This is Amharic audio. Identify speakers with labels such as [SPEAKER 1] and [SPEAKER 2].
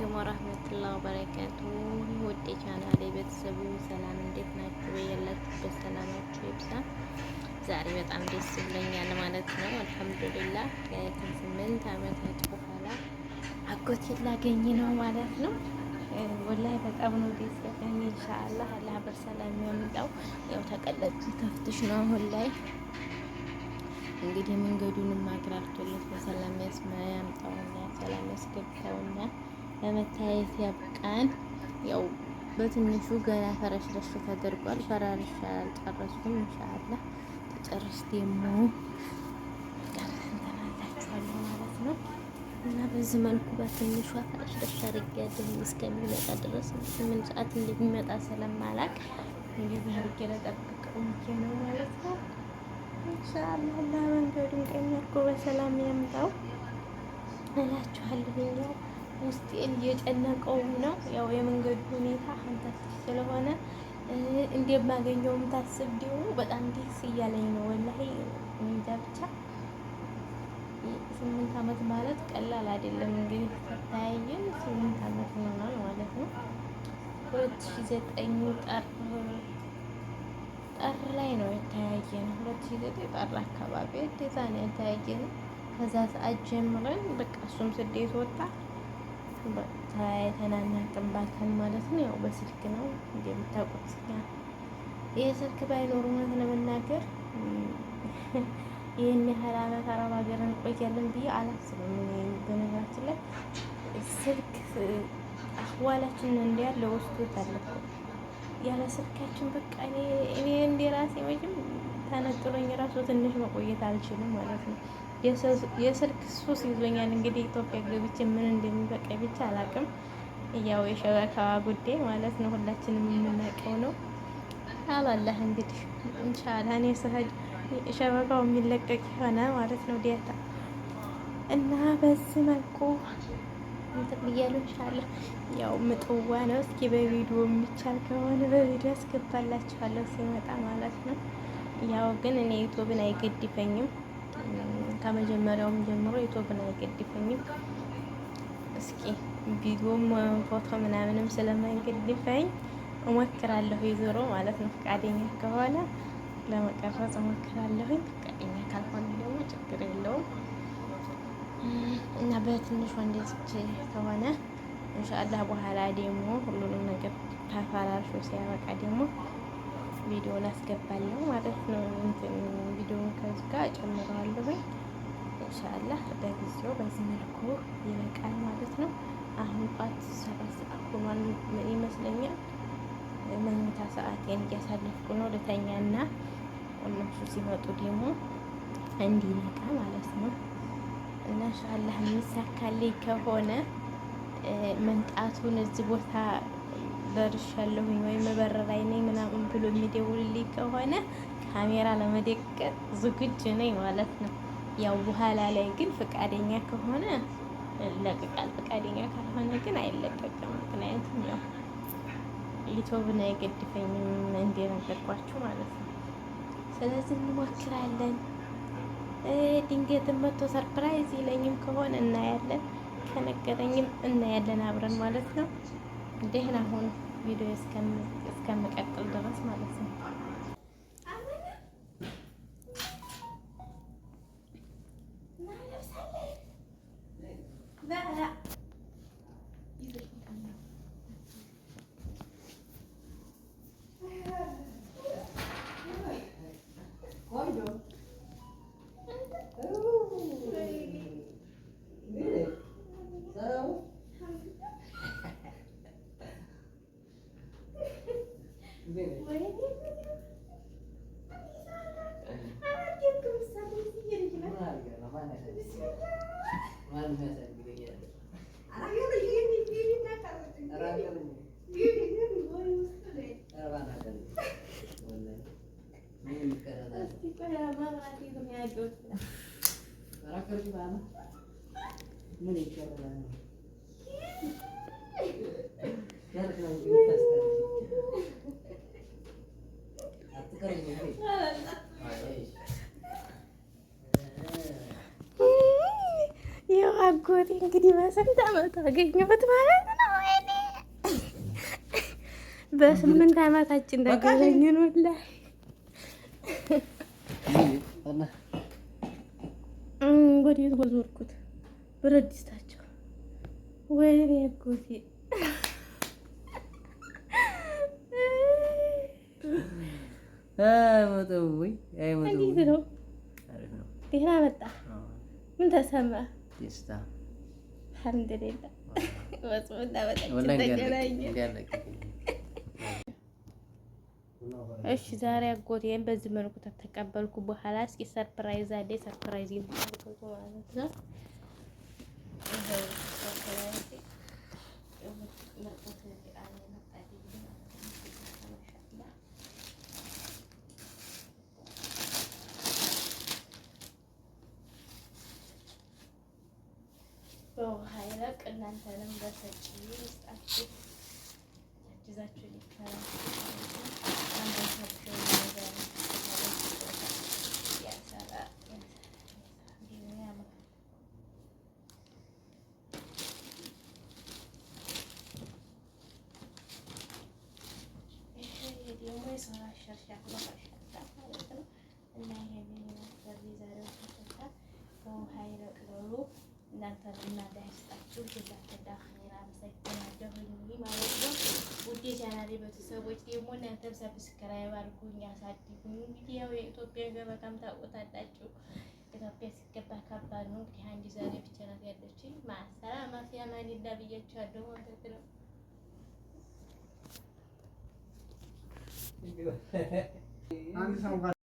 [SPEAKER 1] አለይኩም ወራህመቱላሂ ወበረካቱ ውድ ቻናሌ ቤተሰቦች ሰላም እንዴት ናችሁ? ያላችሁበት ሰላማችሁ ይብዛ። ዛሬ በጣም ደስ ብለኛል ማለት ነው። አልሐምዱሊላህ ከስምንት ዓመታት በኋላ አጎቴን ላገኝ ነው ማለት ነው። ወላሂ በጣም ነው ደስ ያለኝ። ኢንሻአላህ አላህ በሰላም ያምጣው። ያው ተቀለጥኩ ተፍትሽ ነው አሁን ላይ እንግዲህ መንገዱንም አግራርቶለት በሰላም ያስማ ያምጣውና ሰላም ያስገብተውና ለመታየት ያብቃን። ያው በትንሹ ገና ፈረሽረሽ ተደርጓል። ፈራርሻ አልጨረስኩም። ኢንሻአላህ ተጨርስ ደግሞ ተናግራችኋለሁ ማለት ነው። እና በዚህ መልኩ በትንሹ ፈረሽረሽ አድርጌያለሁ። እስከሚመጣ ድረስ ምን ሰዓት እንደሚመጣ ስለማላቅ እንግዲህ አድርጌ ለጠብቀው ነው ማለት ነው። ኢንሻአላህ አላህ መንገዱን ቀኝ በሰላም ያምጣው እላችኋለሁ። ውስጤን እየጨነቀው ነው ያው የመንገዱ ሁኔታ አንታች ስለሆነ እንደማገኘውም ታስብ ደግሞ በጣም ደስ እያለኝ ነው። ወላሂ እንጃ ብቻ ስምንት ዓመት ማለት ቀላል አይደለም። እንግዲህ ተታያየን ስምንት ዓመት ይሆናል ማለት ነው። ሁለት ሺ ዘጠኝ ጠር ጠር ላይ ነው የተያየ ሁለት ሺ ዘጠኝ ጠር አካባቢ ደዛ ነው የተያየ ነው። ከዛ ሰዓት ጀምረን በቃ እሱም ስደት ወጣ ተናናቅም ባልከን ማለት ነው። ያው በስልክ ነው እንደምታውቁት ይህ ስልክ ባይኖር እውነት ለመናገር ይህን ያህል አመት አረብ ሀገር እንቆያለን ብዬ አላስብም። በነገራችን ላይ ስልክ አዋላችን እንዲያለ ወስዶታል እኮ ያለ ስልካችን በቃ እኔ እንደ ራሴ መቼም ተነጥሎኝ ራሱ ትንሽ መቆየት አልችልም ማለት ነው። የስልክ ሱስ ይዞኛል። እንግዲህ ኢትዮጵያ ገብቼ ምን እንደሚበቃ ብቻ አላቅም። ያው የሸበካ ጉዳይ ማለት ነው፣ ሁላችንም የምናውቀው ነው። አላላህ እንግዲህ ኢንሻአላህ እኔ ሸበካው የሚለቀቅ የሆነ ማለት ነው ዲያታ እና በዚህ መልኩ እንትን ብያለሁ። ያው ምጥዋ ነው። እስኪ በቪዲዮ የሚቻል ከሆነ በቪዲዮ አስገባላችኋለሁ ሲመጣ ማለት ነው። ያው ግን እኔ ዩቱብን አይገድፈኝም። ከመጀመሪያውም ጀምሮ ዩቱብን አይገድፈኝም። እስኪ ቪዲዮም ፎቶ ምናምንም ስለማይገድፈኝ እሞክራለሁ ይዞሮ ማለት ነው። ፈቃደኛ ከሆነ ለመቀረጽ እሞክራለሁኝ። ፈቃደኛ ካልሆነ ደግሞ ችግር የለውም። እና በትንሽ ወንዴች ከሆነ እንሻአላህ በኋላ ደግሞ ሁሉንም ነገር ተፈራርሾ ሲያበቃ ደግሞ ቪዲዮን አስገባለሁ ማለት ነው። ቪዲዮን ከዚህ ጋር ጨምረዋለሁ። እንሻአላህ በጊዜው በዚህ መልኩ ይበቃል ማለት ነው። አሁን ጧት ሰባት ሰዓት ሆኗል ይመስለኛል። መኝታ ሰዓቴን እያሳለፍኩ ነው። ልተኛ ልተኛና እነሱ ሲመጡ ደግሞ እንዲነቃ ማለት ነው። እና ኢንሻአላህ የሚሳካልኝ ከሆነ መምጣቱን እዚህ ቦታ ደርሻለሁኝ ወይም መበረራይ ነኝ ምናምን ብሎ የሚደውልልኝ ከሆነ ካሜራ ለመደቀን ዝግጁ ነኝ ማለት ነው። ያው በኋላ ላይ ግን ፈቃደኛ ከሆነ ይለቀቃል፣ ፈቃደኛ ካልሆነ ግን አይለቀቅም። ምክንያቱም ያው ዩቲዩብን አይገድፈኝም እንደነገርኳችሁ ማለት ነው። ስለዚህ እንሞክራለን። ድንገትን መቶ ሰርፕራይዝ ይለኝም ከሆነ እናያለን፣ ከነገረኝም እናያለን አብረን ማለት ነው። ደህና ሁኑ። ቪዲዮ እስከምቀጥል ድረስ ማለት ነው። Nereye? Oraya niye koyuyorsun? Hemen gel kıvır sen de bizim yere gel. Bunlar gel kadar ne? Bismillah. Bunlar ne sen bir de gel. Ara yolu yeni birbirinden kalırdın. Ara yolu birbirinden boyumuzda be. Ara bana kalır. Bunlar. Benim yukarıda. Nasıl bayağı bana dedim ya gördüm. kadar kalır bana. Ne yukarıda. Ne kalır. አጎቴ እንግዲህ በስንት አመቱ አገኘሁት ማለት ነው። በስምንት አመታችን እንዳገኘን ወላሂ ወዴት ወዞርኩት ብረት ድስታቸው ወይኔ አጎቴ
[SPEAKER 2] አይመጣም ወይ አይመጣም
[SPEAKER 1] ነው። ደህና መጣ ምን ተሰማ ደስታ እሺ ዛሬ አጎቴን በዚህ መልኩ በኋላ እስኪ ሰርፕራይዝ አለ ሰርፕራይዝ በውሃ ይለቅ እናንተንም በሰጪ ውስጣችሁ ያግዛችሁ ሊከራ አንደሳቸው ማለት ነው እና ይሄ ዛሬው በውሃ ይለቅ እናንተና ዳያስጣችሁ ብዛትና ራ አመሰግናለሁ ማለት ነው። ውዴ ቻናሌ ቤተሰቦች ደግሞ እናንተም ሰብስክራይብ አድርጉኝ፣ አሳድጉኝ። እንግዲህ ያው የኢትዮጵያ ገበታም ታውቁታላችሁ። ኢትዮጵያ ሲገባ ከባድ ነው። እንግዲህ አንድ ዛሬ ብቻ ናት ያለችኝ። ማሰላም አፍያ ማሊላ ብያችኋለሁ ማለት ነው።